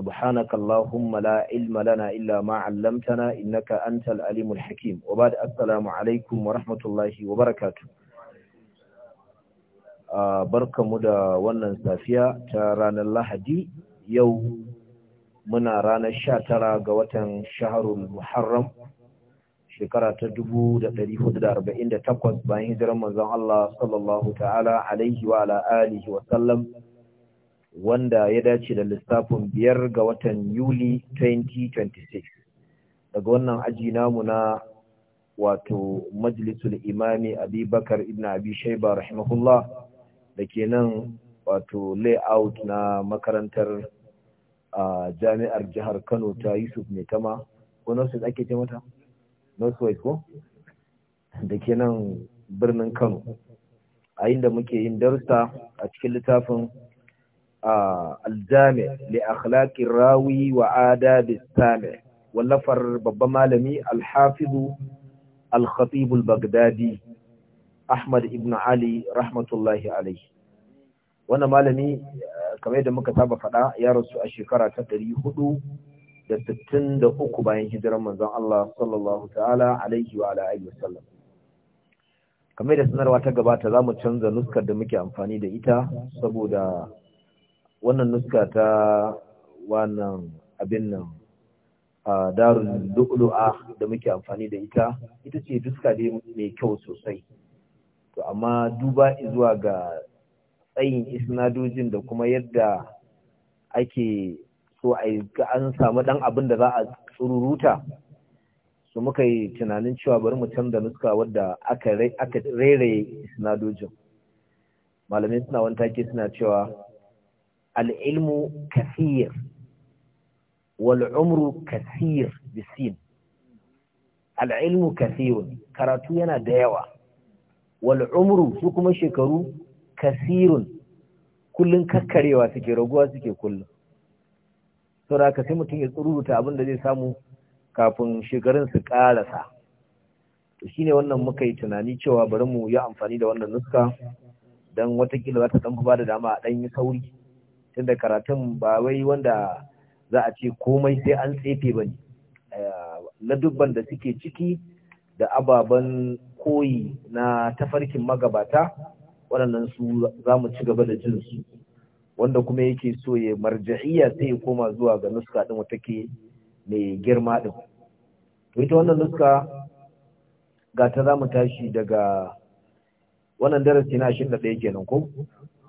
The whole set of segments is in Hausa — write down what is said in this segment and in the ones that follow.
سبحانك اللهم لا علم لنا إلا ما علمتنا إنك أنت العليم الحكيم وبعد السلام عليكم ورحمة الله وبركاته barkamu da wannan safiya ta ranar Lahadi yau muna ranar sha tara ga watan shaharul Muharram shekara ta dubu da ɗari hudu da arba'in da takwas bayan hijirar manzon Allah sallallahu ta'ala alaihi wa ala alihi wa sallam wanda ya dace da lissafin biyar ga watan Yuli 2026 daga wannan aji namu na wato majalisul imami Abi ibn Abi Shaiba rahimahullah da ke nan wato layout na makarantar jami'ar jihar Kano ta Yusuf Maitama ko ake ce mata? ko? Da ke nan birnin Kano a inda muke yin darussa a cikin littafin aljami li akhlaqir rawi wa adabis wallafar babban malami al-khatib al-baghdadi ahmad ibn ali rahmatullahi alayhi wannan malami kamar yadda muka saba faɗa ya rasu a shekara ta ɗari hudu da sittin da uku bayan hijirar manzon Allah sallallahu kamar da sanarwa ta gabata za mu canza nuskar da muke amfani da ita saboda wannan nuska ta wannan abin nan a darun lu'lu'a da muke amfani da ita ita ce duska dai mai kyau sosai to amma duba zuwa ga tsayin isnadojin da kuma yadda ake so a ga an samu dan abin da za a tsururuta su muka yi tunanin cewa bari mu canza nuska wadda aka rairaye isnadojin malamai suna wani take suna cewa العلم كثير والعمر Al'ilmu بالسين karatu yana da yawa, Wal'umru والعمر سوكما شكرو كثير kullun kakkarewa suke raguwa suke kullum, saboda haka sai mutum ya tsururuta abin da zai samu kafin shekarun su karasa to shine wannan muka yi tunani cewa bari mu yi amfani da wannan nuska don watakila za ta dan ba da dama a dan yi sauri tunda karatun ba wai wanda za a ce komai sai an tsefe ba ne eh, dubban da suke ciki da ababen koyi na tafarkin magabata waɗannan su za mu ci gaba da jin su wanda kuma yake so ya marjahiya sai ya koma zuwa ga nuska ɗin wata ke mai girma ɗin ita wannan nuska ga ta za mu tashi daga wannan darasi na ashirin da ɗaya kenan ko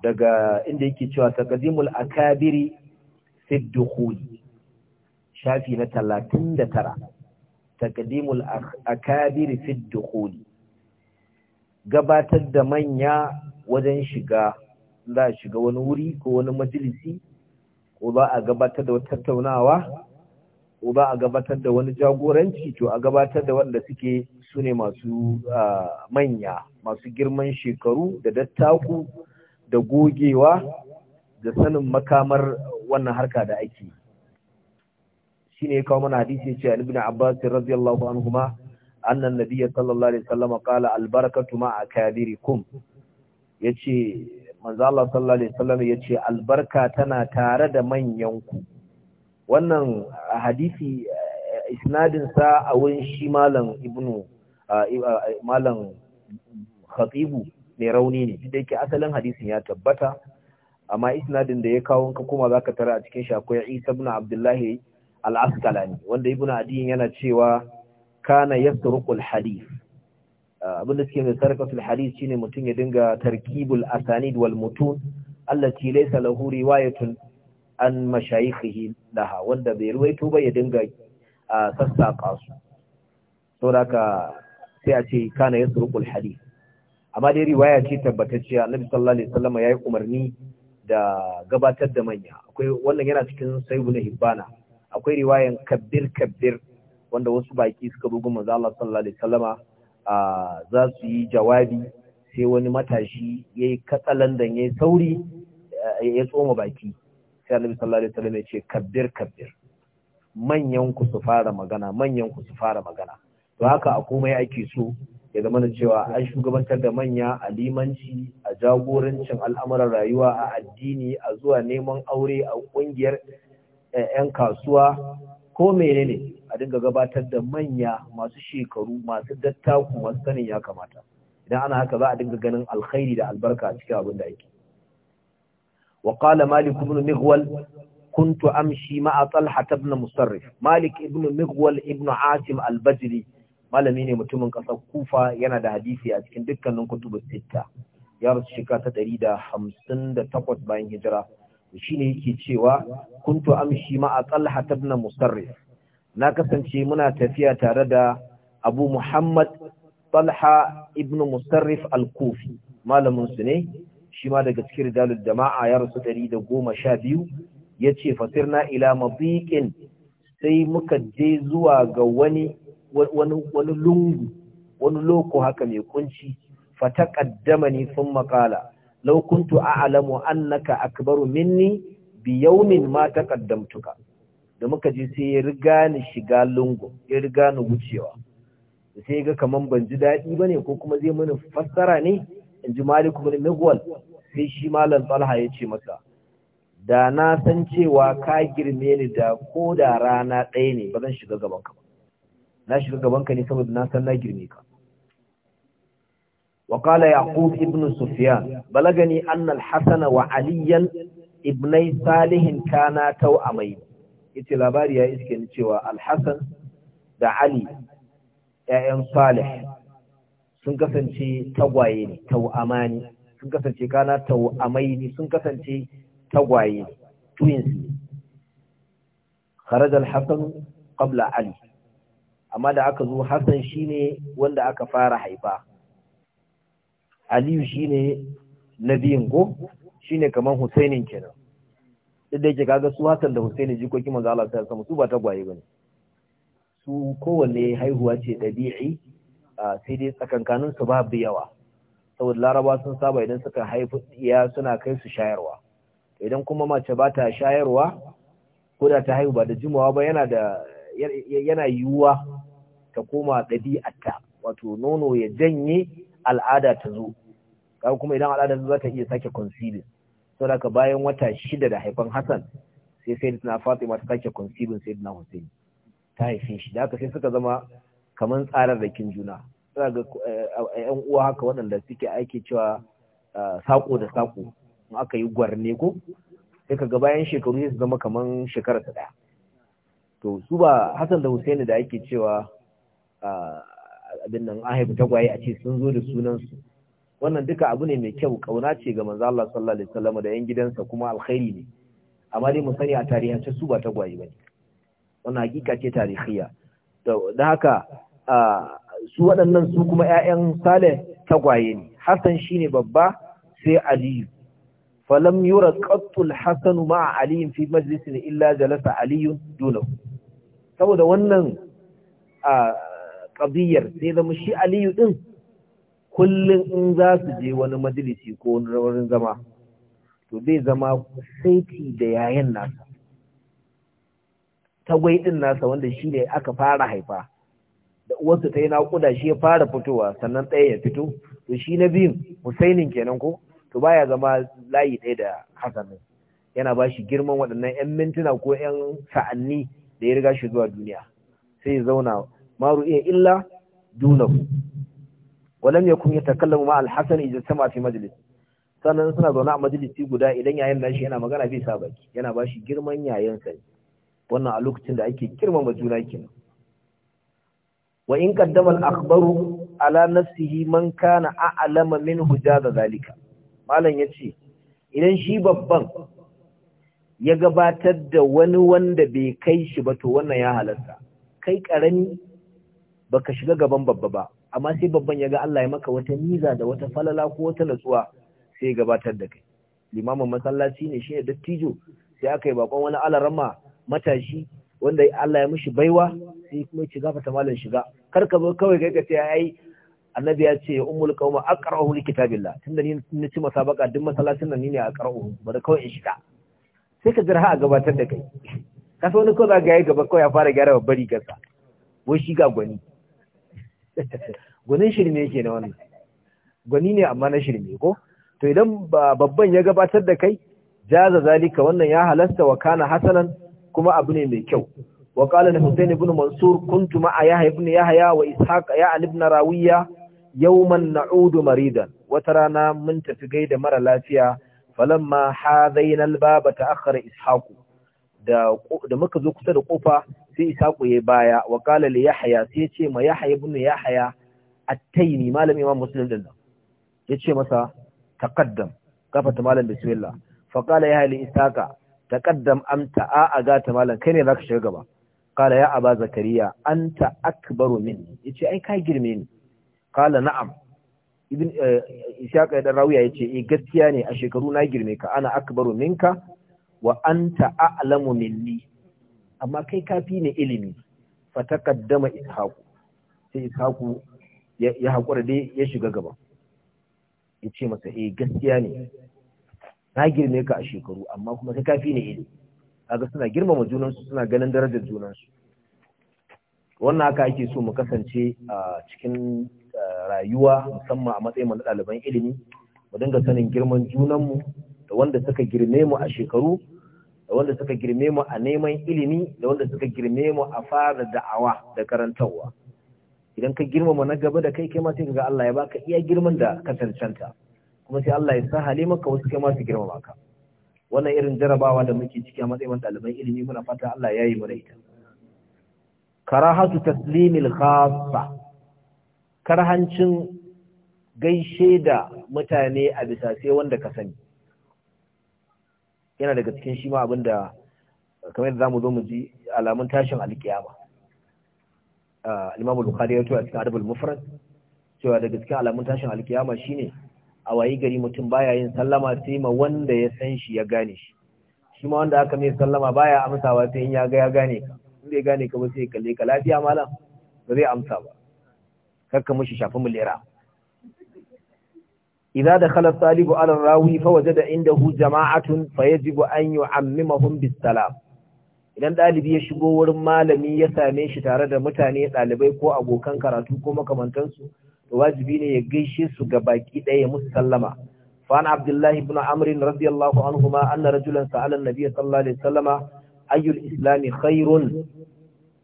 daga inda yake cewa taqdimul akabiri fi dukhuli shafi na 39 taqdimul akabiri fi gabatar da manya wajen shiga za a shiga wani wuri ko wani majalisi ko ba a gabatar da tattaunawa ko ba a gabatar da wani jagoranci to a gabatar da wanda suke su ne masu ah, manya masu girman shekaru da dattaku da gogewa da sanin makamar wannan harka da ake shi ne kawo mana hadisi ce a ibn abbas radiyallahu ma annan nabi sallallahu alaihi wasallam qala albarakatu ma akabirikum yace manzo Allah sallallahu alaihi wasallam yace albarka tana tare da manyan ku wannan hadisi isnadin sa a wurin shi malam ibnu malam khatibu mai rauni ne duk yake asalin hadisin ya tabbata amma isnadin da ya kawo ka kuma zaka tara a cikin shi akwai Isa ibn Abdullahi al-Asqalani wanda ibn Adi yana cewa kana yasruqul hadith ah, abinda suke mai sarkatul hadith shine mutum ya dinga tarkibul asanid wal mutun allati laysa lahu riwayatun an mashayikhihi laha wanda bai ruwaito ba ya dinga ah, sassaƙa su saboda sai a ce kana yasruqul hadith amma dai riwaya ce tabbatacciya annabi sallallahu alaihi wasallam yayi umarni da gabatar da manya akwai wannan yana cikin sahihu na hibbana akwai riwayan kabbir kabbir wanda wasu baki suka bugu manzo Allah sallallahu alaihi wasallama za su yi jawabi sai wani matashi yayi katsalandan yayi sauri ya tsoma baki sai annabi sallallahu alaihi wasallam ya ce kabbir kabbir manyan ku su fara magana manyan ku su fara magana to haka a komai ake so ya zama da cewa an shugabantar da manya a limanci a jagorancin al'amuran rayuwa a addini a zuwa neman aure a ƙungiyar 'yan eh, kasuwa ko menene a dinga gabatar da manya masu shekaru masu dattaku masu sanin ya kamata idan ana haka za a dinga ganin alkhairi da albarka a cikin abin da ake wa qala malik ibn mihwal kuntu amshi ma'a talha ibn musarrif malik ibn mihwal ibn asim al-bajri malami ne mutumin ƙasar kufa yana da hadisi a cikin dukkanin kutubu sita ya rasu shekara ta ɗari da hamsin da takwas bayan hijira shi ne yake cewa kuntu amshi ma a talha tabna musarrif na kasance muna tafiya tare da abu muhammad talha ibn musarrif al-kufi malamin su ne shi ma daga cikin dalil jama'a ya rasu ɗari da goma sha biyu ya ce fasirna ila mabiƙin sai muka je zuwa ga wani wani lungu wani loko haka mai kunci ni sun makala laukuntu a a'lamu annaka akbaru minni biyaunin ma ma kaddamtuka da muka ji sai ya riga ni shiga lungu ya riga ni wucewa sai ga kaman ban ji daɗi ba ne ko kuma zai mana fassara ne in ji maliku bin migwal sai shi malam talha ya ce masa da na san cewa ka girme ni da ko da rana ɗaya ne ba zan shiga gaban ka na shiga gabanka ne saboda na san na girme ka وقال يعقوب ابن سفيان بلغني أن الحسن وعليا ابني صالح كانا توأمين yace labari ya iske ni cewa Alhassan da Ali ayyan Salih sun kasance tagwaye ne, tau'amani, sun kasance kana tau'amai ne, sun kasance tagwaye ne, twins ne. al-hasan qabla Ali, amma da aka zo Hassan shine wanda aka fara haifa Aliyu shine na biyun ko shine kamar Hussainin kenan duk da yake kaga su Hassan da Hussaini jikokin maza Allah sallallahu alaihi su ba tagwaye bane su kowanne haihuwa ce dabi'i sai dai tsakankanin su babu yawa saboda Laraba sun saba idan suka haifi iya suna kai su shayarwa idan kuma mace ba ta shayarwa ko da ta haihu ba da jimawa ba yana da yana yiwuwa ta koma ɗabi'arta wato nono ya janye al'ada ta zo kawai kuma idan al'ada za ta iya sake conceiving sau da bayan wata shida da haifan hassan sai sai na fatima masu sake conceiving sai na hussein ta haife shi da haka sai suka zama kamar tsarar da kin juna suna ga yan eh, uwa haka waɗanda suke aiki cewa eh, sako da sako in aka yi gwarne ko sai ka ga bayan shekaru sai su zama kamar shekara ta ɗaya to su ba Hassan da Hussein da ake cewa abin nan ahibu tagwaye a ce sun zo da sunan su wannan duka abu ne mai kyau kauna ce ga manzo Allah sallallahu alaihi wasallam da yan gidansa kuma alkhairi ne amma dai mu sani a tarihance su ba tagwaye bane wannan hakika ce tarihiya to dan haka su waɗannan su kuma ƴaƴan Saleh tagwaye ne Hassan shine babba sai Aliyu falam yura qattul Hassan ma'a Aliyin fi majlisin illa jalasa Aliyu dunahu saboda wannan a ƙabiyar sai zama shi aliyu ɗin kullum in za su je wani majalisi ko wani zama to zai zama saiti da yayan nasa tagwai ɗin nasa wanda shi ne aka fara haifa da uwarsa ta yi naƙuda shi ya fara fitowa sannan ɗaya ya fito to shi na biyun husainin kenan ko to baya zama layi ɗaya da hasanin yana ba shi girman waɗannan 'yan mintuna ko 'yan sa'anni da ya riga shi zuwa duniya sai ya zauna maru iya illa dunahu walam yakun yatakallamu ma al-hasan idza sama fi majlis sannan suna zaune a majalisi guda idan yayin da shi yana magana bai sa baki yana bashi girman yayin sa wannan a lokacin da ake girmama juna kenan wa in qaddama al-akhbaru ala nafsihi man kana a'lama minhu jaza zalika malam yace idan shi babban ya gabatar da wani wanda bai kai shi ba to wannan ya halarta kai karami baka shiga gaban babba ba amma sai babban ya ga Allah ya maka wata niza da wata falala ko wata natsuwa sai ya gabatar da kai limamin masallaci ne shi ne dattijo sai aka yi bakon wani alarama matashi wanda Allah ya mishi baiwa sai kuma ya ci gafata malam shiga kar ka zo kawai kai ka ce ai annabi ya ce ummul qauma aqra'u likitabillah tunda ni na ci masabaka duk masallacin nan ni ne aqra'uhu bari kawai in shiga sai ka jira a gabatar da kai ka so wani ko za ga yi gaba kawai ya fara gyara babbar rigarsa wai shi ga gwani gwanin shirme yake na wannan gwani ne amma na shirme ko to idan babban ya gabatar da kai jaza zalika wannan ya halasta wa kana hasanan kuma abu ne mai kyau wa qala na husain ibn mansur kuntu ma yahya ibn yahya wa ishaq ya ibn rawiya yawman na'udu maridan wata rana mun tafi gaida mara lafiya falamma hadaina albaba ta'akhkhara ishaqu da da muka zo kusa da kofa sai ishaqu yayi baya wa qala li yahya sai ya ce ma yahya ibn yahya at-taymi malami imam muslim din ya ce masa taqaddam kafata malam bismillah fa qala yahya li ishaqa taqaddam am ta'a aga ta malam kai ne zaka shiga gaba qala ya aba zakariya anta akbaru minni yace ai ka girme ni qala na'am ibn eh, ishaq da rawiya yace eh gaskiya ne a shekaru na girme ka ana akbaru minka wa anta a'lamu minni amma kai kafi ne ilimi fa taqaddama ishaq sai ishaq ya hakura dai ya shiga gaba yace masa eh gaskiya ne na girme ka a shekaru amma kuma kai kafi ne ilimi kaga suna girmama junansu suna ganin darajar junansu wannan haka ake so mu kasance a ah, cikin rayuwa musamman a matsayin na ɗaliban ilimi mu dinga sanin girman junanmu da wanda suka girme mu a shekaru da wanda suka girme mu a neman ilimi da wanda suka girme mu a fara da'awa da karantarwa idan ka girmama na gaba da kai kai ma sai ga Allah ya baka iya girman da ka tantanta kuma sai Allah ya sa halimaka wasu kai ma su girmama ka wannan irin jarabawa da muke ciki a matsayin ɗaliban ilimi muna fata Allah ya yi mana ita karahatu taslimil khassa karhancin gaishe da mutane a bisa sai wanda ka sani yana daga cikin shi ma abinda kamar yadda zamu zo mu ji alamun tashin alkiyama Imam Bukhari ya tuwa cikin Adabul Mufrad cewa daga cikin alamun tashin alkiyama shine a wayi gari mutum baya yin sallama sai ma wanda ya san shi ya gane shi shi ma wanda aka mai sallama baya amsawa sai in ya ga ya gane ka in bai gane ka ba sai kalle ka lafiya malam ba zai amsa ba kakka mushi shafi mulera idza dakhala talibu ala rawi fa wajada indahu jama'atun fa yajibu an yu'ammimahum bis salam idan dalibi ya shigo wurin malami ya same shi tare da mutane dalibai ko abokan karatu ko makamantansu to wajibi ne ya gaishe su ga baki ɗaya musu sallama فعن Abdullahi Ibn بن عمرو رضي الله عنهما أن رجلا سأل النبي صلى الله عليه وسلم أي الإسلام خير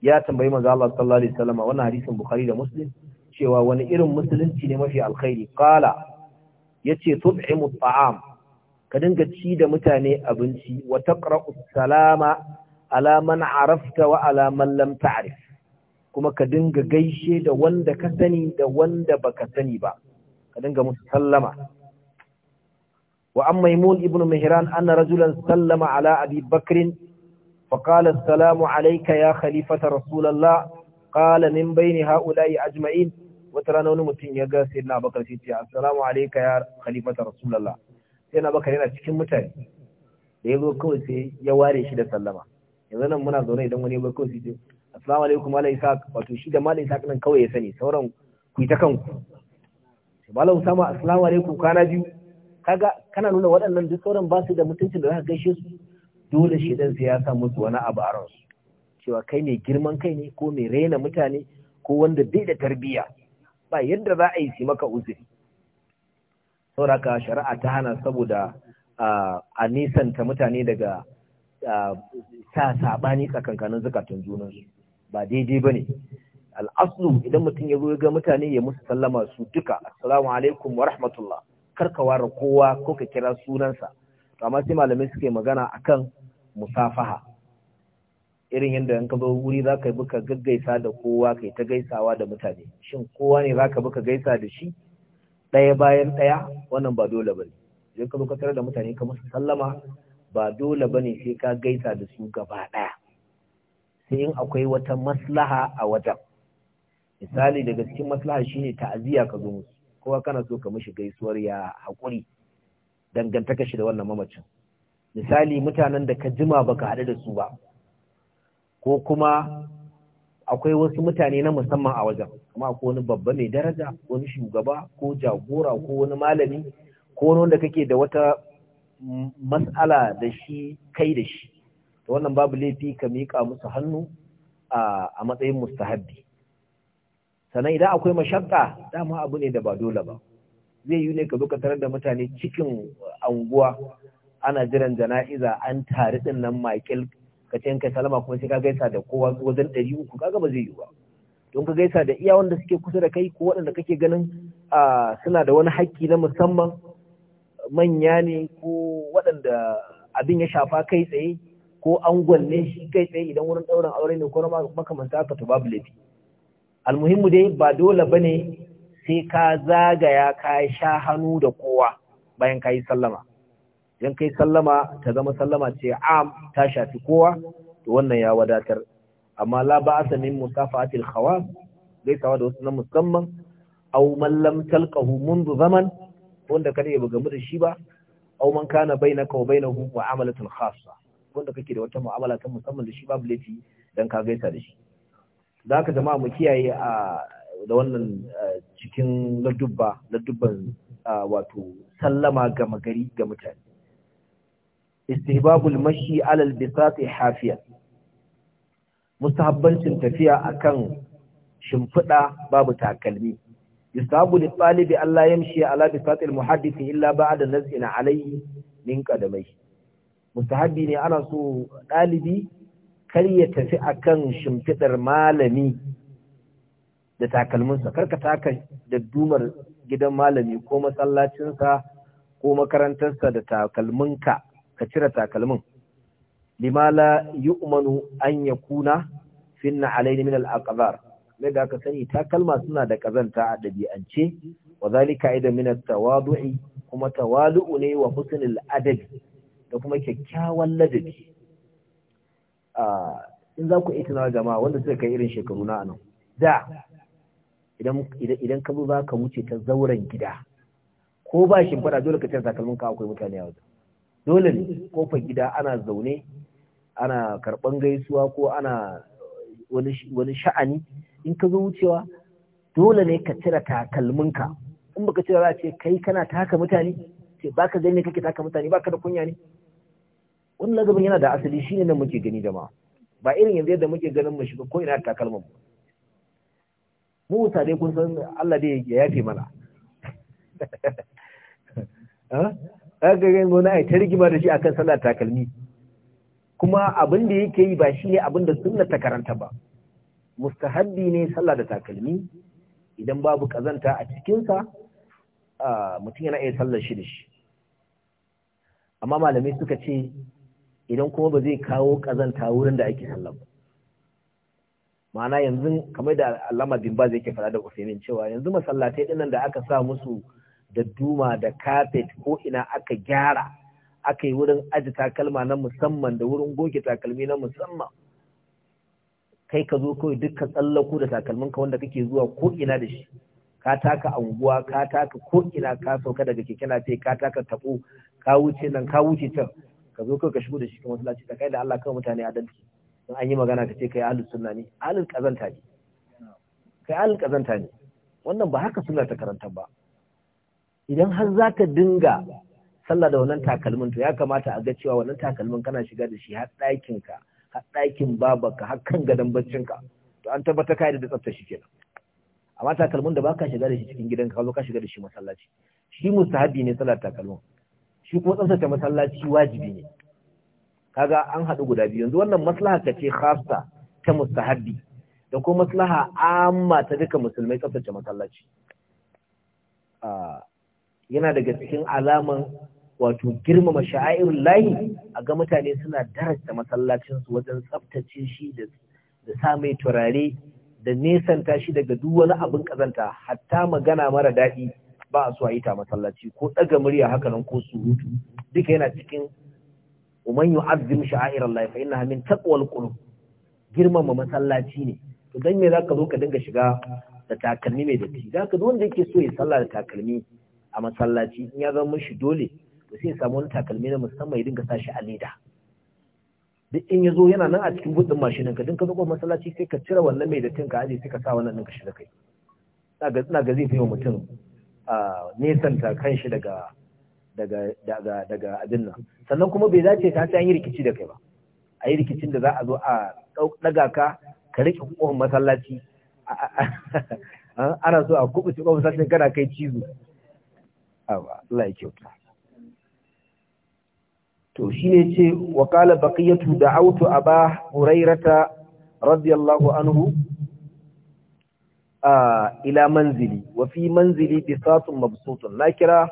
يا تنبي مزا الله صلى الله عليه وسلم cewa wani irin musulunci ne mafi alkhairi qala yace tub'imu ta'am ka dinga ci da mutane abinci wa taqra'u salama ala man arafta wa ala man lam ta'rif kuma ka dinga gaishe da wanda ka sani da wanda baka sani ba ka dinga musu sallama wa maimun ibnu mihran anna rajulan sallama ala abi bakrin fa qala assalamu alayka ya khalifata rasulullah qala Baini bayni ajma'in wata rana wani mutum ya ga sai na bakar shi ce assalamu alaika ya khalifata rasulullah sai na bakar yana cikin mutane da ya zo kawai sai ya ware shi da sallama yanzu nan muna zaune idan wani ya bar kawai sai ce assalamu alaikum malam isaac wato shi da malam isaac nan kawai ya sani sauran ku yi ta kanku malam usama assalamu alaikum kana biyu kaga kana nuna waɗannan duk sauran ba su da mutuncin da za gaishe su dole shi dan sai ya sa musu wani abu a ransu cewa kai ne girman kai ne ko mai raina mutane ko wanda bai da tarbiyya ba yadda za a yi su maka uzuri sauraka shari'a ta hana saboda a nisanta mutane daga sa saɓani tsakankanin zukatun junansu ba daidai ba ne al'aslu idan mutum ya zo ga mutane ya musu sallama su duka assalamu alaikum wa rahmatullah karka wara kowa ko ka kira sunansa to amma sai malamai suke magana akan musafaha irin yadda in ka zo wuri za ka buka ka gaggaisa da kowa kai ta gaisawa da mutane shin kowa ne za ka buka gaisa da shi ɗaya bayan ɗaya wannan ba dole ba ne idan ka zo ka tare da mutane ka musu sallama ba dole ba ne sai ka gaisa da su gaba ɗaya sai in akwai wata maslaha a wajen misali daga cikin maslaha shine ta'aziyya ka zo musu kowa kana so ka mishi gaisuwar ya haƙuri dangantaka shi da wannan mamacin misali mutanen da ka jima baka haɗu da su ba ko kuma akwai wasu mutane na musamman a wajen kuma akwai wani babba mai daraja ko wani shugaba ko jagora ko wani malami ko wani wanda kake da wata mas'ala da shi kai da shi to wannan babu laifi ka miƙa musu hannu a matsayin mustahabbi sannan idan akwai mashakka dama abu ne da ba dole ba zai yi ne ka zo ka tarar da mutane cikin anguwa ana jiran jana'iza an tare din nan makil ka ce kai salama kuma sai ka gaisa da kowa su wajen ɗari uku kaga ba zai yi ba don ka gaisa da iya wanda suke kusa da kai ko waɗanda kake ganin suna da wani haƙƙi na musamman manya ne ko waɗanda abin ya shafa kai tsaye ko an gwanne shi kai tsaye idan wurin ɗaurin aure ne ko na makamanta haka to babu laifi almuhimmu dai ba dole ba ne sai ka zagaya ka sha hannu da kowa bayan ka yi sallama idan kai sallama ta zama sallama ce am ta shafi kowa to wannan ya wadatar amma la ba'sa min musafahatil khawas gaisawa da wasu na musamman aw man lam talqahu منذ zaman wanda kare ba gamu da shi ba aw man kana bainaka wa bainahu mu'amalatun khassa wanda kake da wata mu'amala ta musamman da shi babu laifi dan ka gaisa da shi zaka jama'a mu kiyaye a da wannan cikin ladubba ladubban wato sallama ga magari ga mutane istihbabul mashi alal bisati hafiya mustahabbancin tafiya akan shimfiɗa babu takalmi yusabu li talibi Allah yamshi ala bisati al muhaddith illa ba'da naz'ina alayhi min qadamai mustahabbi ne ana so ɗalibi. kar ya tafi akan shimfidar malami da takalminsa kar ka taka da dumar gidan malami ko masallacinsa ko makarantarsa da takalminka ka cire takalmin limala yu'manu an yakuna finna alayni min al-aqdar ne da aka sani takalma suna da kazanta a dabi'ance wa zalika ida min at-tawadu'i kuma tawalu'u ne wa al adabi da kuma kyakkyawan ladabi in za ku itina jama'a wanda suka kai irin shekaru na anan da idan idan ka zo za ka wuce ta zauren gida ko ba shi fada dole ka tsaya takalmin ka akwai mutane a dole ne kofar gida ana zaune ana karban gaisuwa ko ana wani sha'ani in ka zo wucewa dole ne ka cire ka. in baka cire za ce kai kana taka mutane ce baka gani ne kake taka mutane baka da kunya ne wannan lagabin yana da asali shine nan muke gani jama'a ba irin yanzu yadda muke ganin mu shiga ko ina da takalmin mu dai kun san Allah dai ya yafe mana agarin wani a ta rigima da shi akan sallah takalmi kuma abin da yake yi ba ne abin da sunna ta karanta ba mustahabbi ne sallah da takalmi idan babu kazanta a cikinsa mutum yana iya sallar shi da shi amma malamai suka ce idan kuma ba zai kawo kazanta wurin da ake sallar ba ma'ana yanzu kamar da alama bin ba zai ke fara da usaimin cewa yanzu masallatai dinnan da aka sa musu da duma da kafet ko ina aka gyara aka yi wurin aji takalma na musamman da wurin goge takalmi na musamman kai ka zo kawai dukkan tsallako da takalmin ka wanda kake zuwa ko ina da shi ka taka anguwa ka taka ko ina ka sauka daga keke ce ka taka tabo ka wuce nan ka wuce can ka zo kawai ka shigo da shi kuma sallaci ta kai da Allah kawai mutane adalci in an yi magana ka ce kai ahlus sunna ne ahlul kazanta ne kai ahlul kazanta ne wannan ba haka sunna ta karanta ba idan har za ka dinga sallah da wannan takalmin to ya kamata a ga cewa wannan takalmin kana shiga da shi har ɗakin ka har ɗakin babarka har kan gadon baccin ka to an tabbata kai da tsafta shi kenan amma takalmin da baka shiga da shi cikin gidanka ka zo ka shiga da shi masallaci shi mustahabi ne sallar takalmin shi kuma tsaftace masallaci wajibi ne kaga an haɗu guda biyu yanzu wannan maslaha ka ce khassa ta mustahabbi da kuma maslaha amma ta duka musulmai tsaftace masallaci ah, yana daga cikin alaman wato girmama sha'airun layi a ga mutane suna darasta masallacinsu wajen tsaftace shi da sa mai turare da nesanta shi daga duk wani abin kazanta hatta magana mara daɗi ba a so a yi ta masallaci ko ɗaga murya haka nan ko surutu duka yana cikin umman yu'azzim sha'airal layi fa innaha min taqwal qulub girmama masallaci ne to dan me zaka zo ka dinga shiga da takalmi mai datti zaka duk wanda yake so ya sallah da takalmi a masallaci in ya zama shi dole to sai ya samu wani takalmi na musamman ya dinga sa shi a leda duk in ya zo yana nan a cikin buɗin mashinin ka dinka zuwa masallaci sai ka cire wannan mai dattin ka aje sai ka sa wannan ɗinka shi da kai ina ga zai fi wa kan shi daga daga daga daga abin nan sannan kuma bai dace ka sai an yi rikici da kai ba a yi rikicin da za a zo a ɗaga ka ka riƙe ƙofar masallaci ana so a kubuce ƙofar masallacin kana kai cizo awa Allah ya kyauta to shi ne ce wa qala baqiyatu da'awtu aba hurairata radiyallahu anhu ila manzili Wafi fi manzili bisatun mabsutun na kira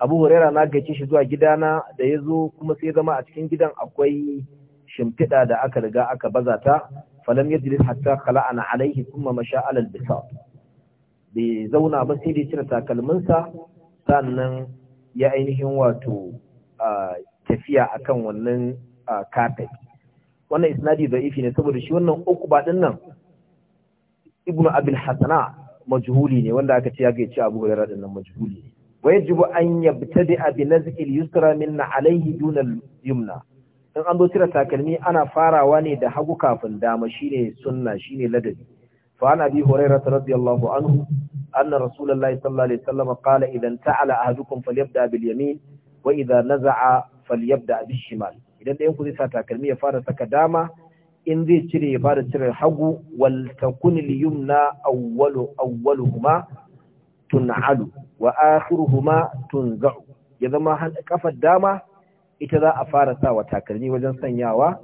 abu huraira na gace shi zuwa gidana da ya zo kuma sai zama a cikin gidan akwai shimfiɗa da aka riga aka baza ta falam yajlis hatta khala'ana alaihi kuma masha alal bai zauna ba sai da cire takalminsa sannan ya ainihin wato tafiya akan wannan kafet wannan isnadi da'ifi ne saboda shi wannan uku ba ɗin nan ibnu abil hasana majhuli ne wanda aka ce ya gaici abu hurairah din nan majhuli ne wa yajibu an yabtadi'a bi nazqil yusra minna alayhi duna yumna in an zo cire takalmi ana farawa ne da hagu kafin dama shine sunna shine ladabi فعن أبي هريرة رضي الله عنه أن رسول الله صلى الله عليه وسلم قال إذا انتعل أهدكم فليبدأ باليمين وإذا نزع فليبدأ بالشمال إذا أنكم ذي ساتا كلمية فارسة كداما إن ذي تري فارس تري الحق ولتكن اليمنى أول أولهما تنعل وآخرهما تنزع إذا ما كفى الداما ita za a fara sa wa takalmi wajen sanyawa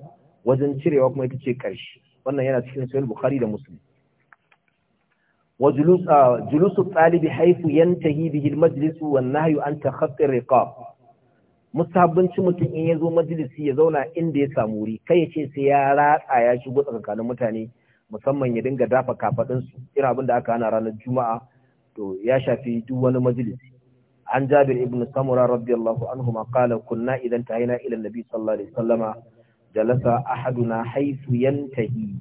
wajen cirewa kuma ita ce ƙarshe wannan yana cikin sahih bukhari da muslim wa ah, julusu talibi haifu yantahi bihi al-majlis wa nahyu an takhaffi riqab musabbanci mutum in ya zo majalisi ya zauna inda ya samu wuri kai ya ce sai ya ratsa ya shigo tsakanin mutane musamman ya dinga dafa kafaɗinsu irin abin da aka hana ranar juma'a to ya shafi duk wani majalisi an jabir ibn samura radiyallahu anhu ma qala kunna idan tahina ila nabi sallallahu alaihi wasallama jalasa ahaduna haythu yantahi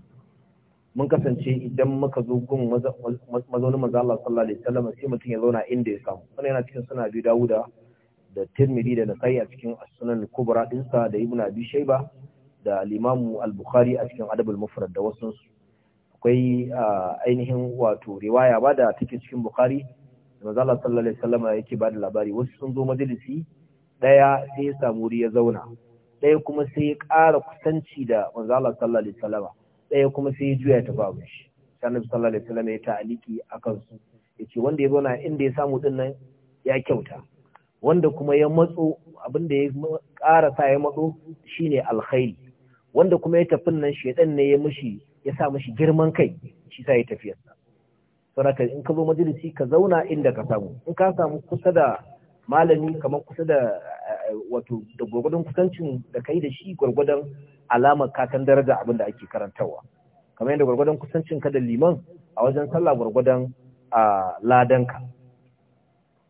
mun kasance idan muka zo gun mazaunin manzo Allah sallallahu alaihi wasallam sai mutum ya zauna inda ya samu sanan yana cikin suna bi Dawuda da Tirmidhi da Nasa'i a cikin As-Sunan Kubra dinsa da Ibn Abi Shayba da Al-Imam Al-Bukhari a cikin Adab al-Mufrad da wasu akwai ainihin wato riwaya ba da take cikin Bukhari da manzo Allah sallallahu alaihi wasallam yake ba da labari wasu sun zo majalisi daya sai ya samu ya zauna daya kuma sai ya ƙara kusanci da manzo Allah sallallahu alaihi wasallam ɗaya kuma sai ya juya ta babu shi sanin sallallahu alaihi wasallam ya ta'aliki akan su yace wanda ya zauna inda ya samu din nan ya kyauta wanda kuma ya matso abin da ya ƙara sa ya matso shine alkhairi wanda kuma ya tafi nan shedan ne ya mishi ya sa mishi girman kai shi sa ya tafi yasa saboda in ka zo majalisi ka zauna inda ka samu in ka samu kusa da malami kamar kusa da wato da gwagwadon kusancin da kai da shi gwargwadon alamar kakan daraja abin da ake karantarwa kamar yadda gwagwadon kusancin ka da liman a wajen sallah gwargwadon ladanka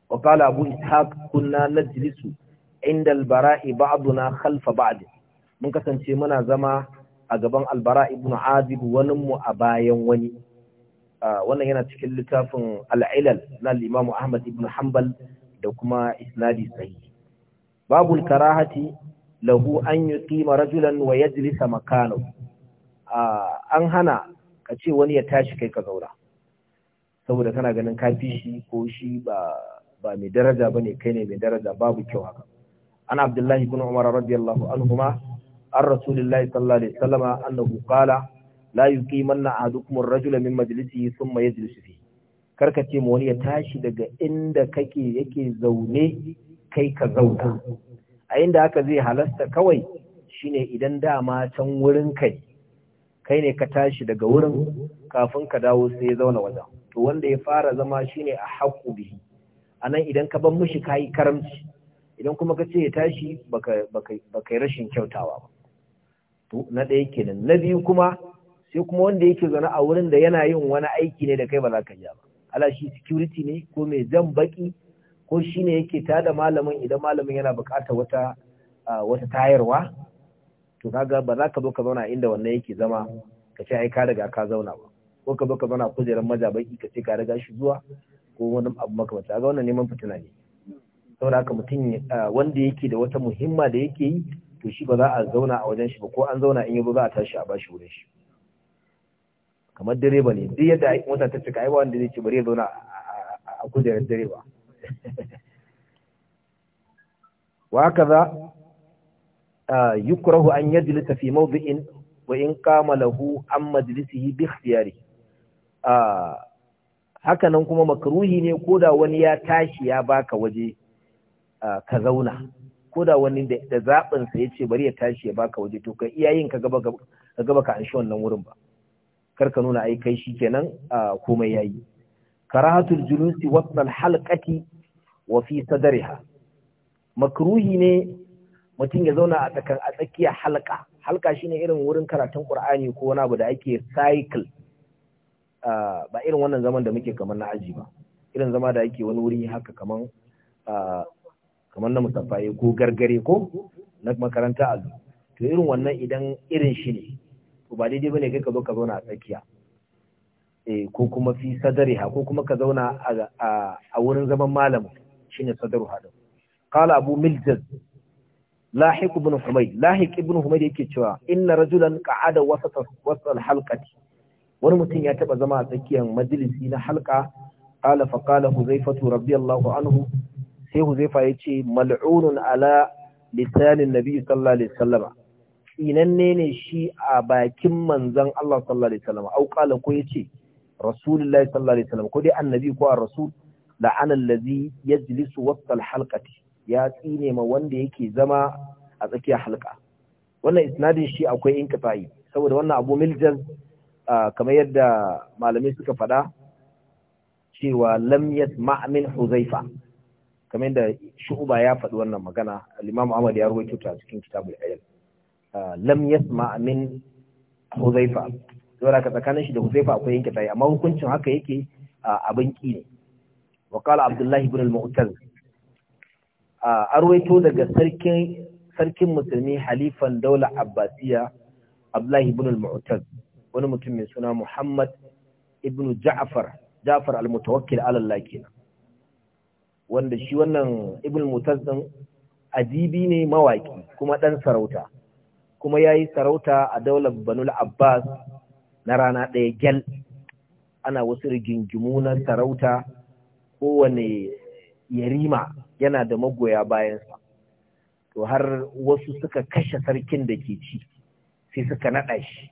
wa qala abu ishaq kunna najlisu inda albara'i ba'duna khalfa ba'd mun kasance muna zama a gaban albara ibn azib wani mu a bayan wani wannan yana cikin littafin al'ilal na limamu ahmad ibn hanbal da kuma isnadi sahihi babul karahati lahu an yuqima rajulan wa yajlisa makano. an hana ka ce wani ya tashi kai ka zauna saboda kana ganin kafi shi ko shi ba mai daraja bane kai ne mai daraja babu kyau haka an abdullahi ibn umar radiyallahu anhuma an rasulillahi sallallahu alaihi wasallama annahu qala la yuqimanna ahadukum ar-rajula min sun thumma yajlisu fihi karka ce ma wani ya tashi daga inda kake yake zaune kai ka zauna a inda haka zai halasta kawai shine idan dama can wurin kai kai ne ka tashi daga wurin kafin ka dawo sai ya zauna wajen to wanda ya fara zama shine a haƙu bihi a nan idan ka ban mushi kayi karamci idan kuma ka ce ya tashi baka rashin kyautawa ba to na ɗaya kenan na biyu kuma sai kuma wanda yake zaune a wurin da yana yin wani aiki ne da kai ba za ka ja ba ala shi security ne ko mai zan baki ko shine yake tada malamin idan malamin yana bukata wata wata tayarwa to kaga ba za ka zo ka zauna inda wannan yake zama ka ce ai ka riga ka zauna ba ko ka zo ka zauna kujerar majabaki ka ce ka riga shi zuwa ko wani abu makamata ga wannan neman fitina ne saboda haka mutum wanda yake da wata muhimma da yake yi to shi ba za a zauna a wajen shi ba ko an zauna in yi za a tashi a bashi wurin shi kamar direba ne duk yadda mota ta cika ai ba wanda zai ce bari ya zauna a kujerar direba وهكذا يكره أن يجلس في موضع وإن قام له عن مجلسه باختياره Haka nan kuma makaruhi ne koda wani ya tashi ya baka waje ka zauna koda wani da zaɓinsa ya ce bari ya tashi ya baka waje to ka iyayin ka gaba ka gaba ka anshi wannan wurin ba karka ka nuna ai kai shikenan komai yayi karahatul julusi wasal halqati wa fi sadariha makruhi ne mutum ya zauna a tsakan a halka halka shine irin wurin karatun qur'ani ko wani abu da ake cycle ah, ba irin wannan zaman da muke kamar na aji ba irin zama da ake wani wuri haka kaman ah, kamar na musafaye ko gargare ko na makaranta azu to irin wannan idan irin shi ne to ba daidai bane kai ka zo ka zauna a tsakiya eh ko kuma fi sadariha ko kuma ka zauna a wurin zaman malamin shine sadaru hadin qala abu miljaz lahiq ibn humayd lahiq ibn humayd yake cewa inna rajulan qa'ada wasata wasal halqati wani mutum ya taba zama a tsakiyar majalisi na halka. qala fa qala huzaifatu radiyallahu anhu sai huzaifa yace mal'unun ala lisanin nabi sallallahu alaihi wasallama tsinanne ne shi a bakin manzon Allah sallallahu alaihi wasallama au qala ko yace rasulullahi sallallahu alaihi wasallam ko dai annabi ko ar-rasul la'ana allazi yajlisu wasal halqati ya tsine ma wanda yake zama a tsakiyar halka wannan isnadin shi akwai in inqita'i saboda wannan abu miljaz kamar yadda malamai suka faɗa cewa lam yasma min huzaifa kamar yadda shu'uba ya faɗi wannan magana al Ahmad ya rawaito ta cikin kitabul ilm lam yasma min huzaifa saboda ka tsakanin shi da huzaifa akwai yanke tayi amma hukuncin haka yake abin ki ne wa qala abdullahi ibn al-mu'taz arwaito daga sarkin musulmi halifan daula abbasiya abdullahi ibn al-mu'taz wani mutum mai suna muhammad ibn ja'far ja'far al-mutawakkil ala Allah wanda shi wannan ibn al-mu'taz din adibi ne mawaki kuma ɗan sarauta kuma yayi sarauta a daular banul abbas na rana ɗaya gyal ana wasu rigingimu na sarauta kowane yarima yana da magoya bayansa to har wasu suka kashe sarkin da ke ci sai suka naɗa shi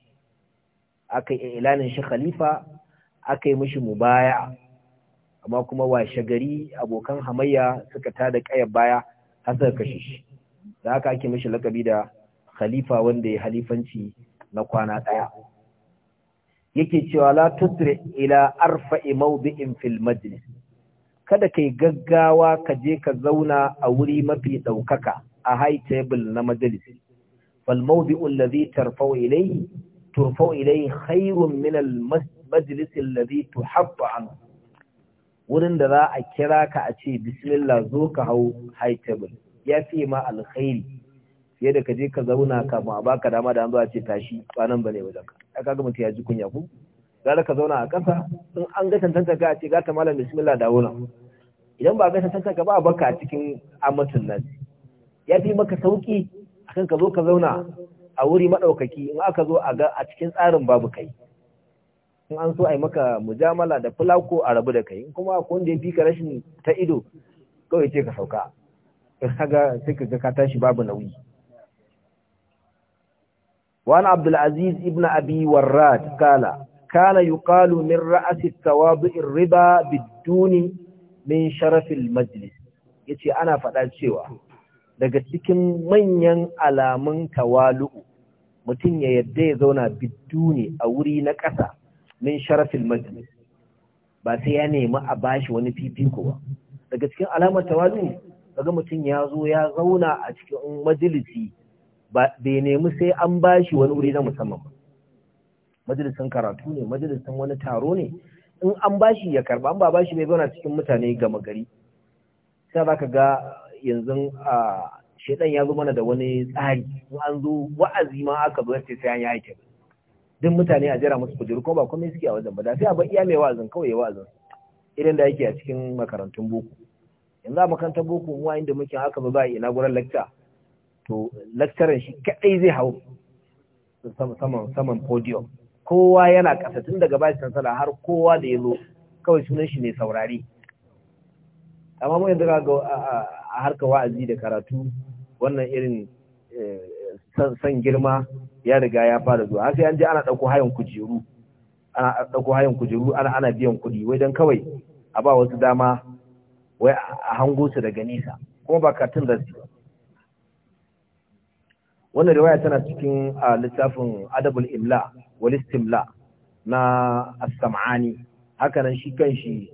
aka yi ilanin shi khalifa aka yi mishi mubaya amma kuma washe gari abokan hamayya suka tada kaya baya har suka kashe shi da haka ake mishi lakabi da khalifa wanda ya halifanci na kwana ɗaya yake cewa la tusri ila arfa'i mawdi'in fil majlis kada ka yi gaggawa ka je ka zauna a wuri mafi ɗaukaka a high table na majalisi fal mawdi'u alladhi tarfa'u ilayhi turfa'u ilayhi khairun min al majlis alladhi anhu wurin da za a kira ka a ce bismillah zo ka hau high table ya fi ma alkhairi fiye da ka je ka zauna kafin a baka dama da an zo a ce tashi ba nan bane wajen ka aka ga mutum ya ji kunya ku gara ka zauna a ƙasa in an ga tantanta ka ce gata malam bismillah da wuna idan ba ga tantanta ka ba a baka a cikin amatin nan ya fi maka sauki kan ka zo ka zauna a wuri maɗaukaki in aka zo a ga a cikin tsarin babu kai in an so a yi maka mujamala da fulako a rabu da kai kuma ko wanda ya fi ka rashin ta ido kawai ce ka sauka In haga sai ka ka tashi babu nauyi وعن عبد العزيز ابن أبي وراد قال kana yuqalu min ra'asi tawadu'ir riba biduni min sharafil majlis yace ana faɗa cewa daga cikin manyan alamun tawalu'u mutum ya yadda ya zauna biduni a wuri na ƙasa min sharafil majlis ba sai ya nemi a bashi wani fifiko ba daga cikin alamar tawalu'u kaga mutum ya zo ya zauna a cikin majalisi bai nemi sai an bashi wani wuri na musamman ba majalisin karatu ne majalisin wani taro ne in an bashi ya karba an ba bashi bai zauna cikin mutane gama gari sai za ka ga yanzu a shedan ya zo mana da wani tsari in an zo wa'azi ma aka zo sai sai an yi aikin duk mutane a jira musu kujeru kuma ba komai suke a wajen ba da sai a ba iya mai wa'azin kawai wa'azin irin da yake a cikin makarantun boko yanzu a makarantar boko mu da muke aka ba za a yi inaugural lecture to lecturer shi kadai zai hau saman saman podium kowa yana ƙasa tun daga bashi kansala har kowa da ya zo kawai sunan shi ne saurari amma mu yanzu ga a harka wa'azi da karatu wannan irin eh, san girma ya riga ya fara zuwa har sai an je ana ɗauko hayan kujeru ana ɗauko hayan kujeru ana ana biyan kuɗi wai don kawai a ba wasu dama wai a hango su daga nisa kuma ba katin da su wannan riwaya tana cikin littafin adabul imla wal istimla na as-sam'ani hakanan shi kanshi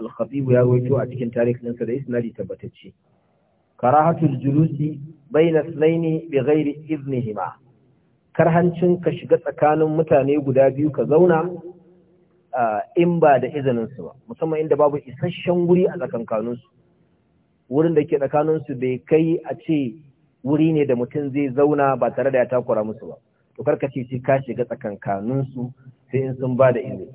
al-khatib ya rawaito a cikin tarihin sa da isnadi tabbatacce karahatul julusi bayna thnaini bighairi idnihima karhancin ka shiga tsakanin mutane guda biyu ka zauna in ba da izinin su ba musamman inda babu isasshen wuri a tsakankanin su wurin da ke tsakanin su bai kai a ce wuri ne da mutum zai zauna ba tare da ya takura musu ba to ce sai ka shiga tsakankanin sai in sun ba da izini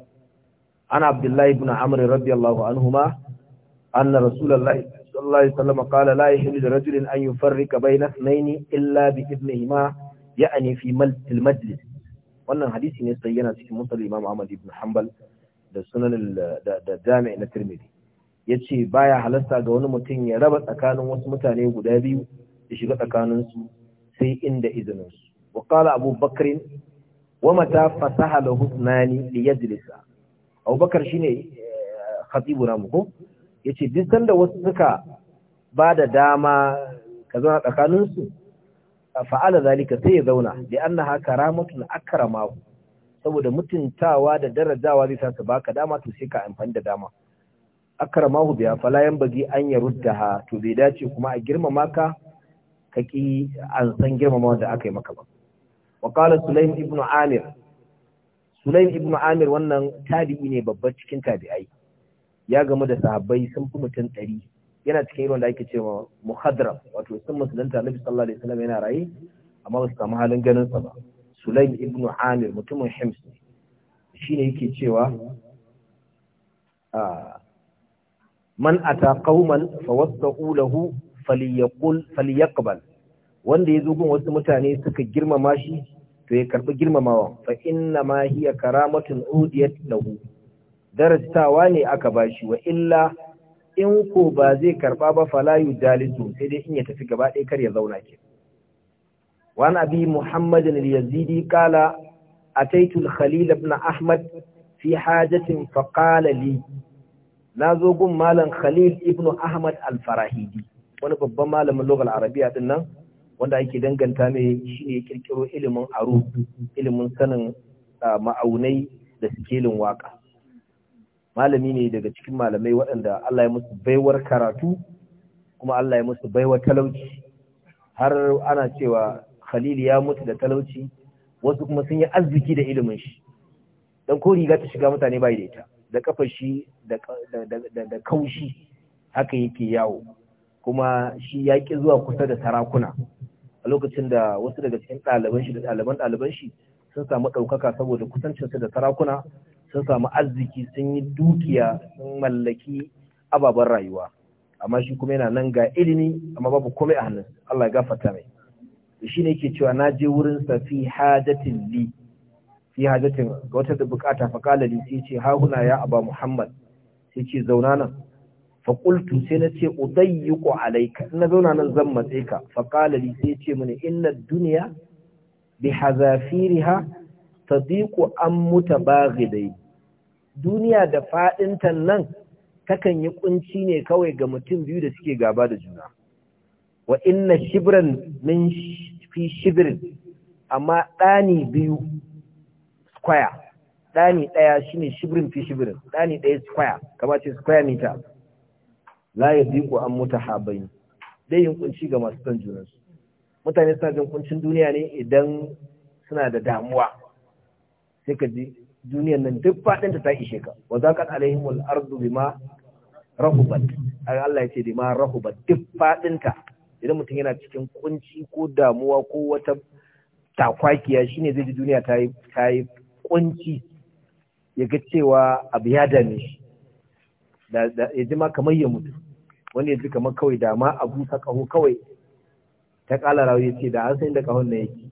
ana abdullahi ibn amr radiyallahu anhuma anna rasulullahi sallallahu alaihi wasallam qala la yahillu li rajulin an yufarrika bayna ithnayn illa bi ibnihima ya'ni fi mal'il majlis wannan hadisi ne sai yana cikin musnad imam ahmad ibn hanbal da sunan da jami' na tirmidhi yace baya halasta ga wani mutum ya raba tsakanin wasu mutane guda biyu ya shiga tsakaninsu sai inda izininsu wa qala abu bakrin wa mata fasaha lahu usmani li yajlisa abu bakar shine eh, khatibu na ko yace duk sanda wasu suka ba da dama ka zauna tsakaninsu fa'ala zalika sai ya zauna da annaha karamatun akramahu saboda mutuntawa da darajawa zai sa su baka dama to sai ka amfani da dama akramahu biya fala yan bagi an ya ha, to bai dace kuma a girmama ka kaki an san girmama da aka yi maka ba wa qala sulaim ibn amir sulaim ibn amir wannan tabi'i ne babba cikin tabi'ai ya gamu da sahabbai sun fi mutum ɗari yana cikin irin da ake cewa muhadra, wato sun musulunta nabi sallallahu alaihi wasallam yana raye amma ba su samu halin ganin sa ba sulaim ibn amir mutumin hims ne ne yake cewa ah, man ata qauman fawassaqu lahu falyaqul falyaqbal wanda ya zo gun wasu mutane suka girmama shi to ya karɓi girmamawa fa inna ma hiya karamatun udiyat lahu darastawa ne aka bashi wa illa in ko ba zai karɓa ba fala yujalisu sai dai in ya tafi gaba ɗaya kar ya zauna ke wa abi muhammadin al-yazidi qala ataitu al-khalil ibn ahmad fi hajatin fa qala li nazo gun malam khalil ibn ahmad al-farahidi wani babban malamin lokal arabiya din nan wanda ake danganta mai shi ne kirkiro ilimin aro ilimin sanin ah, ma'aunai da sikelin waka malami ne daga cikin malamai waɗanda Allah ya musu baiwar karatu kuma Allah ya musu baiwar talauci har ana cewa Khalil ya mutu da talauci wasu kuma sun yi arziki da ilimin shi dan ko riga ta shiga mutane bai da ita da kafar shi da kaushi haka yake yawo kuma shi ya ƙi zuwa kusa da sarakuna a lokacin da wasu daga cikin ɗaliban shi da ɗaliban ɗaliban shi sun samu ɗaukaka saboda kusancinsu da sarakuna sun samu arziki sun yi dukiya sun mallaki ababen rayuwa amma shi kuma yana nan ga ilimi amma babu komai a hannun Allah ya gafarta mai shi ne yake cewa na je wurin sa fi hajatin li fi hajatin ga wata da bukata fa kala li sai ce ha ya aba muhammad sai ce zauna nan faƙultu sai na ce udayyiqu alayka na zauna nan zan matse ka faƙala li sai ce mini inna duniya bi hazafiriha tadiqu an mutabaghidai duniya da faɗinta nan takan yi kunci ne kawai ga mutum biyu da suke gaba da juna wa inna shibran min fi shibrin amma ɗani biyu square ɗani daya shine shibrin fi shibrin ɗani daya square kamar ce square meter la yadiqu an mutahabain dai yin kunci ga masu son junansu mutane suna jin kuncin duniya ne idan suna da damuwa sai ka ji duniyan nan duk faɗin ta sheka. ishe ka wa zaqat alaihimul ardu bima rahubat Allah ya ce bima rahubat duk faɗin ta idan mutum yana cikin kunci ko damuwa ko wata takwakiya shine zai ji duniya ta yi ta yi kunci ya ga cewa abu ya dame shi da ya ma kamar ya mutu wani ya ji kamar kawai da ma a busa kaho kawai ta kala rawu ya ce da an san da kahon na yake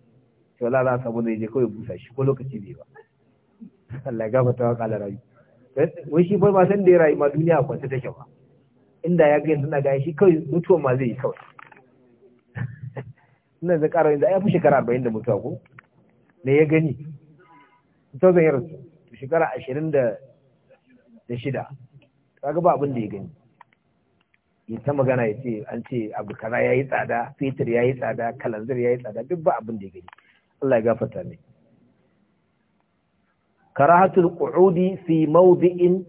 to la la a samu yake kawai busa shi ko lokaci bai ba Allah gafa ta kala rawu wai shi ba san da ya rayu ma duniya ta take ba inda ya ga yanzu na gaya shi kawai mutuwa ma zai yi kawai ina da ƙara inda ai fi shekara arba'in da mutuwa ko ne ya gani to zan yi rasu shekara ashirin da shida kaga ba abin da ya gani yi ta magana ya ce an ce abu kaza ya yi tsada fetur ya yi tsada kalanzir ya yi tsada duk ba abin da ya gani Allah ya gafarta ne. karahatul qu'udi fi mawdi'in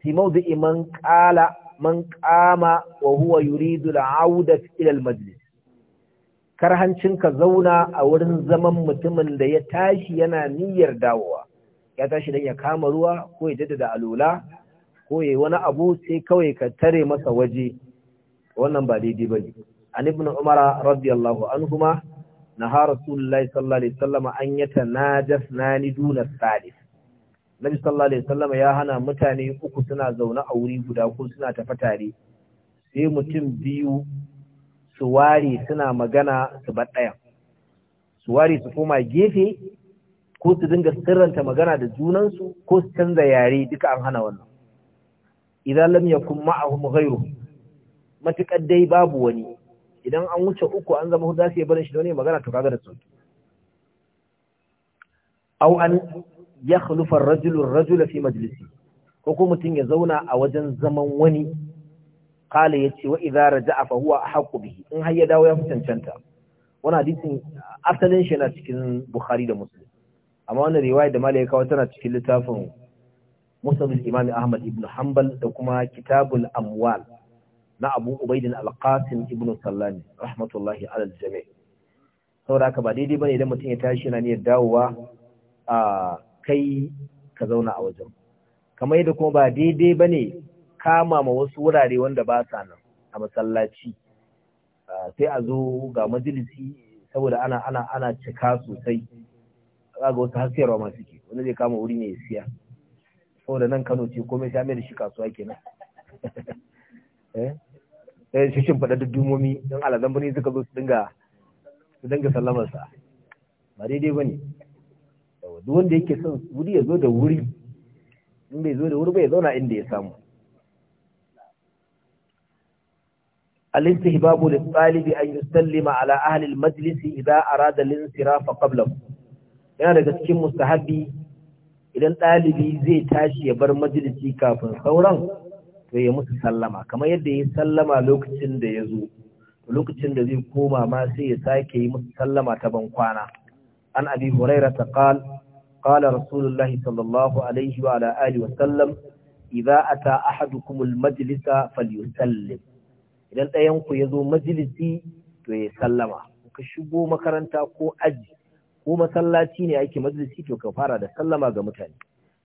fi mawdi'i man qala man qama wa huwa yuridu al'auda ila al-majlis karhancin ka zauna a wurin zaman mutumin da ya tashi yana niyyar dawowa ya tashi dan ya kama ruwa ko ya jaddada alula ko yi wani abu sai kawai ka tare masa waje wannan ba daidai ne an ibn umara radiyallahu anhuma naha rasulullahi sallallahu alaihi wasallam an yatanajas nani duna salis nabi sallallahu alaihi wasallam ya hana mutane uku suna zaune a wuri guda ko suna tafi tare sai mutum biyu su ware suna magana su bar su ware su koma gefe ko su dinga sirranta magana da junansu ko su canza yare duka an hana wannan idan lam yakun ma'ahum ghayruhum matuƙar dai babu wani idan an wuce uku an zama hudu za su yi barin shi da wani magana to kaga da su Au an ya khulufar rajulun rajula fi majalisi ko kuma mutum ya zauna a wajen zaman wani kala ce wa idara ja'a fa huwa haƙu bihi in har ya dawo ya fi cancanta Wani hadisin asalin shi yana cikin Bukhari da Muslim amma wani riwaya da Malik kawo tana cikin littafin Musamman al-Imam Ahmad ibn Hanbal da kuma Kitabul Amwal na Abu Ubaidin Al-Qasim ibn Sallani rahmatullahi alal jami saboda haka ba daidai bane idan mutum ya tashi yana niyyar dawowa a kai ka zauna a wajen kamar yadda kuma ba daidai bane kama ma wasu wurare wanda ba sa nan a masallaci sai a zo ga majalisi saboda ana ana ana cika sosai za ga wasu hasiyarwa masu ke wanda zai kama wuri ne ya siya saboda nan Kano ce komai sai mai da shi kasuwa kenan eh, eh shishin faɗa da dumomi don alazambani suka zo su dinga su dinga sa ba daidai ba ne duk wanda yake son wuri ya zo da wuri in bai zo da wuri ba ya zauna inda ya samu الاستهباب للطالب أن يسلم على أهل المجلس إذا أراد الانصراف قبله yana daga cikin mustahabi idan ɗalibi zai tashi ya bar majalisi kafin sauran sai ya musu sallama kamar yadda ya sallama lokacin da ya zo lokacin da zai koma ma sai ya sake yi musu sallama ta bankwana an abi huraira ta qal qala rasulullahi sallallahu alaihi wa ala alihi wa sallam idza ata ahadukum al majlisa falyusallim idan dayan ku yazo majlisi to ya sallama ka shigo makaranta ko aji ko masallaci ne ake majlisi to ka fara da sallama ga mutane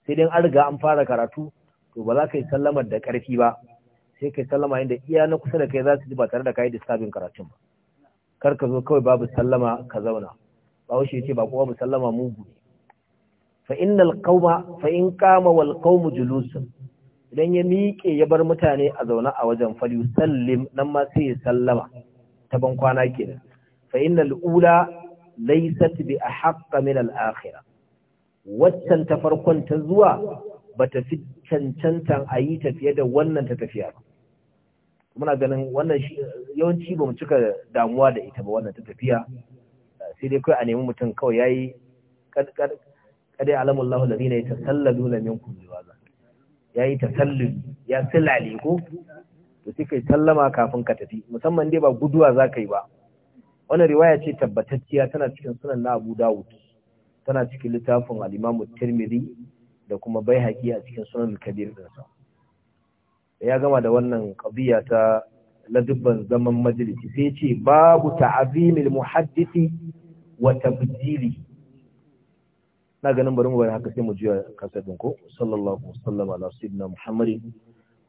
sai dan an riga an fara karatu to ba za ka yi sallamar da ƙarfi ba sai ka yi sallama inda iya na kusa da kai za su ji ba tare da ka yi disturbing karatun ba kar ka zo kawai babu sallama ka zauna bahaushe ya ce ba babu sallama mugu ne fa innal qauma fa in qama wal qaumu julusun idan ya miƙe ya bar mutane a zaune a wajen fal yusallim nan ma sai ya sallama ta ban kwana kenan fa innal ula laysat bi ahqqa min al akhirah waccan ta farkon ta zuwa ba ta fi cancantan a yi tafiye da wannan ta tafiya ba muna ganin wannan yawanci ba mu cika damuwa da ita ba wannan ta tafiya sai dai kawai a nemi mutum kawai ya yi kadai Allah da zina ya tasallalu na min kullewa za ya yi tasalluli ya silale ko to sai kai sallama kafin ka tafi musamman dai ba guduwa za ka yi ba wannan riwaya ce tabbatacciya tana cikin sunan na abu dawud tana cikin littafin al'imamu tirmidhi da kuma bai haƙi a cikin sunan kabir ɗinsa ya gama da wannan ƙabiya ta ladubban zaman majalisi sai ce babu ta'azimil muhaddisi wa tabjili na ganin bari mu bari haka sai mu juya kasadin ko sallallahu alaihi wasallam ala sayyidina muhammadin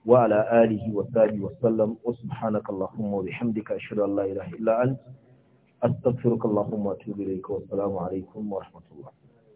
wa ala alihi wa sahbihi wa sallam wa subhanaka allahumma wa bihamdika ashhadu an la ilaha illa anta astaghfiruka allahumma wa atubu ilayka wa assalamu alaikum wa rahmatullah